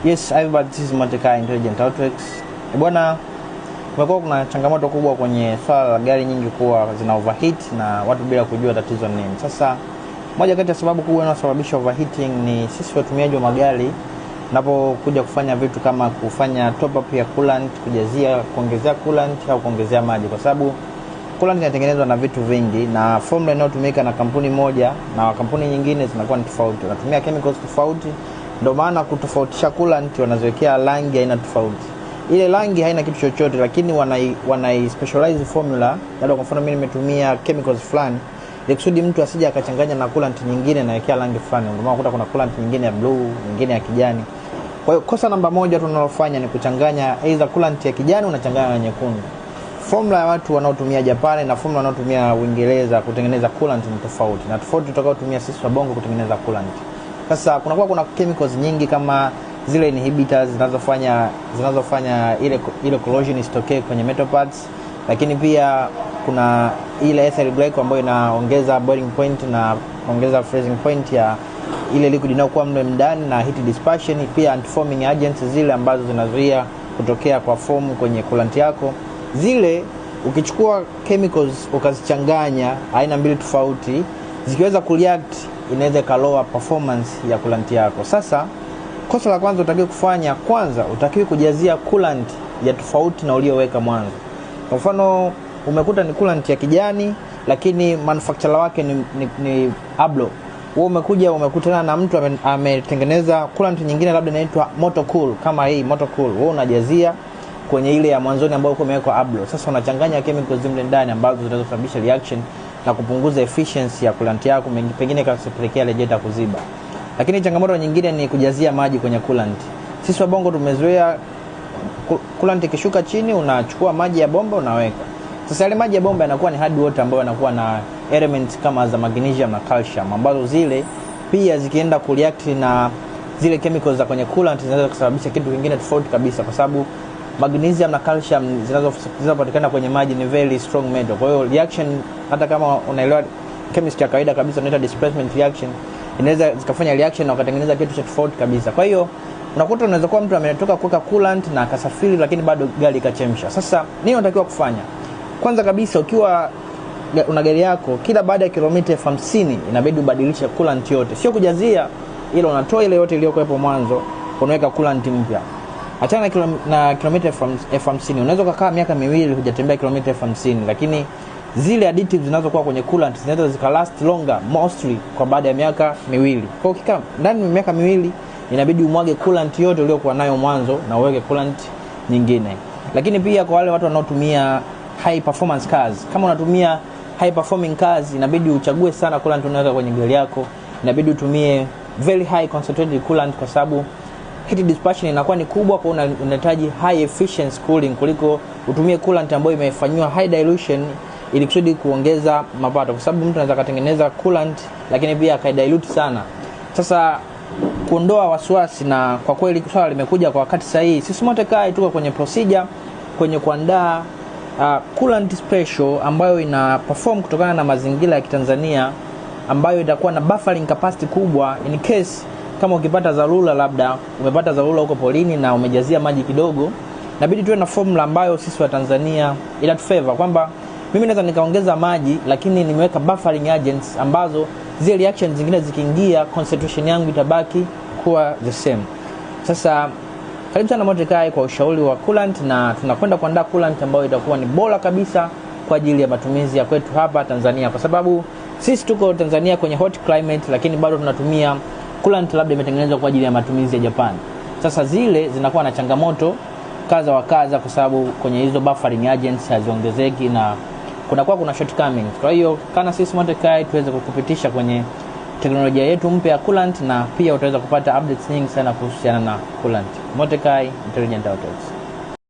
Yes, hi everybody, this is Mateka Intelligent Outworks. Eh, bwana, kumekuwa kuna changamoto kubwa kwenye swala la gari nyingi kuwa zina overheat na watu bila kujua tatizo nini. Sasa moja kati ya sababu kubwa inayosababisha overheating ni sisi watumiaji wa magari napokuja kufanya vitu kama kufanya top up ya coolant, kujazia, kuongezea coolant au kuongezea maji, kwa sababu coolant inatengenezwa na vitu vingi na formula inayotumika na kampuni moja na kampuni nyingine zinakuwa ni tofauti, unatumia chemicals tofauti ndio maana kutofautisha coolant wanaziwekea rangi aina tofauti. Ile rangi haina kitu chochote, lakini wanai, wanai specialize formula. Labda kwa mfano mimi nimetumia chemicals fulani ili kusudi mtu asije akachanganya na coolant nyingine na wekea rangi fulani. Ndio maana kuta kuna coolant nyingine ya blue, nyingine ya kijani. Kwa hiyo kosa namba moja tunalofanya ni kuchanganya aidha coolant ya kijani unachanganya na nyekundu. Formula ya watu wanaotumia Japani na formula wanaotumia Uingereza kutengeneza coolant ni tofauti na tofauti tutakayotumia sisi wa Bongo kutengeneza coolant. Sasa kunakuwa kuna chemicals nyingi kama zile inhibitors zinazofanya zinazofanya ile, ile corrosion isitokee kwenye metal parts, lakini pia kuna ile ethyl glycol ambayo inaongeza boiling point na ongeza freezing point ya ile liquid inayokuwa mle ndani na heat dispersion, pia antiforming agents zile ambazo zinazuia kutokea kwa foam kwenye coolant yako. Zile ukichukua chemicals ukazichanganya aina mbili tofauti, zikiweza kureact inaweza ikaloa performance ya coolant yako. Sasa kosa la kwanza utakiwa kufanya, kwanza utakiwa kujazia coolant ya tofauti na uliyoweka mwanzo. Kwa mfano umekuta ni coolant ya kijani lakini manufacturer wake ni, ni, ni Ablo. Wewe umekuja umekutana na mtu ametengeneza ame coolant nyingine labda inaitwa Moto Cool kama hii Moto Cool. Wewe unajazia kwenye ile ya mwanzoni ambayo uko umeweka Ablo. Sasa unachanganya chemicals zimle ndani ambazo zinaweza kusababisha reaction na kupunguza efficiency ya coolant yako, pengine ikapelekea rejeta kuziba. Lakini changamoto nyingine ni kujazia maji kwenye coolant. Sisi wabongo tumezoea coolant ikishuka chini, unachukua maji ya bomba unaweka. Sasa yale maji ya bomba yanakuwa ni hard water ambayo yanakuwa na elements kama za magnesium na calcium ambazo zile pia zikienda kureact na zile chemicals za kwenye coolant zinaweza kusababisha kitu kingine tofauti kabisa, kwa sababu magnesium na calcium zinazopatikana kwenye maji ni very strong metal. Kwa hiyo reaction, hata kama unaelewa chemistry ya kawaida kabisa, unaita displacement reaction, inaweza zikafanya reaction na ukatengeneza kitu cha tofauti kabisa. Kwa hiyo unakuta unaweza kuwa mtu ametoka kuweka coolant na akasafiri, lakini bado gari ikachemsha. Sasa nini unatakiwa kufanya? Kwanza kabisa, ukiwa una gari yako, kila baada ya kilomita elfu hamsini inabidi ubadilishe coolant yote, sio kujazia, ila unatoa ile yote iliyokuwepo mwanzo, unaweka coolant mpya achana kilo, na kilomita elfu hamsini unaweza ukakaa miaka miwili hujatembea kilomita elfu hamsini lakini zile additives zinazokuwa kwenye coolant zinaweza zikalast longer mostly kwa baada ya miaka miwili kwa ukikaa ndani ya miaka miwili inabidi umwage coolant yote uliokuwa nayo mwanzo na uweke coolant nyingine lakini pia kwa wale watu wanaotumia high performance cars kama unatumia high performing cars inabidi uchague sana coolant unaweka kwenye gari yako inabidi utumie very high concentrated coolant kwa sababu heat dissipation inakuwa ni kubwa, kwa unahitaji high efficient cooling kuliko utumie coolant ambayo imefanywa high dilution ili kusudi kuongeza mapato, kwa sababu mtu anaweza katengeneza coolant lakini pia akaidilute sana. Sasa kuondoa wasiwasi, na kwa kweli swala limekuja kwa wakati sahihi. Sisi Kai tuko kwenye procedure kwenye kuandaa uh, coolant special ambayo ina perform kutokana na mazingira ya Kitanzania ambayo itakuwa na buffering capacity kubwa in case kama ukipata dharura, labda umepata dharura huko polini na umejazia maji kidogo, nabidi tuwe na formula ambayo sisi wa Tanzania inatufavor kwamba mimi naweza nikaongeza maji lakini nimeweka buffering agents ambazo zile reactions zingine zikiingia concentration yangu itabaki kuwa the same. Sasa karibu sana Motrikae kwa ushauri wa coolant, na tunakwenda kuandaa coolant ambayo itakuwa ni bora kabisa kwa ajili ya matumizi ya kwetu hapa Tanzania, kwa sababu sisi tuko Tanzania kwenye hot climate, lakini bado tunatumia coolant labda imetengenezwa kwa ajili ya matumizi ya Japan. Sasa zile zinakuwa na changamoto kaza wa kaza, kwa sababu kwenye hizo buffering agents haziongezeki na kunakuwa kuna shortcomings. Kwa hiyo kana sisi Montekai tuweze kukupitisha kwenye teknolojia yetu mpya ya coolant, na pia utaweza kupata updates nyingi sana kuhusiana na coolant. Montekai Intelligent Hotels.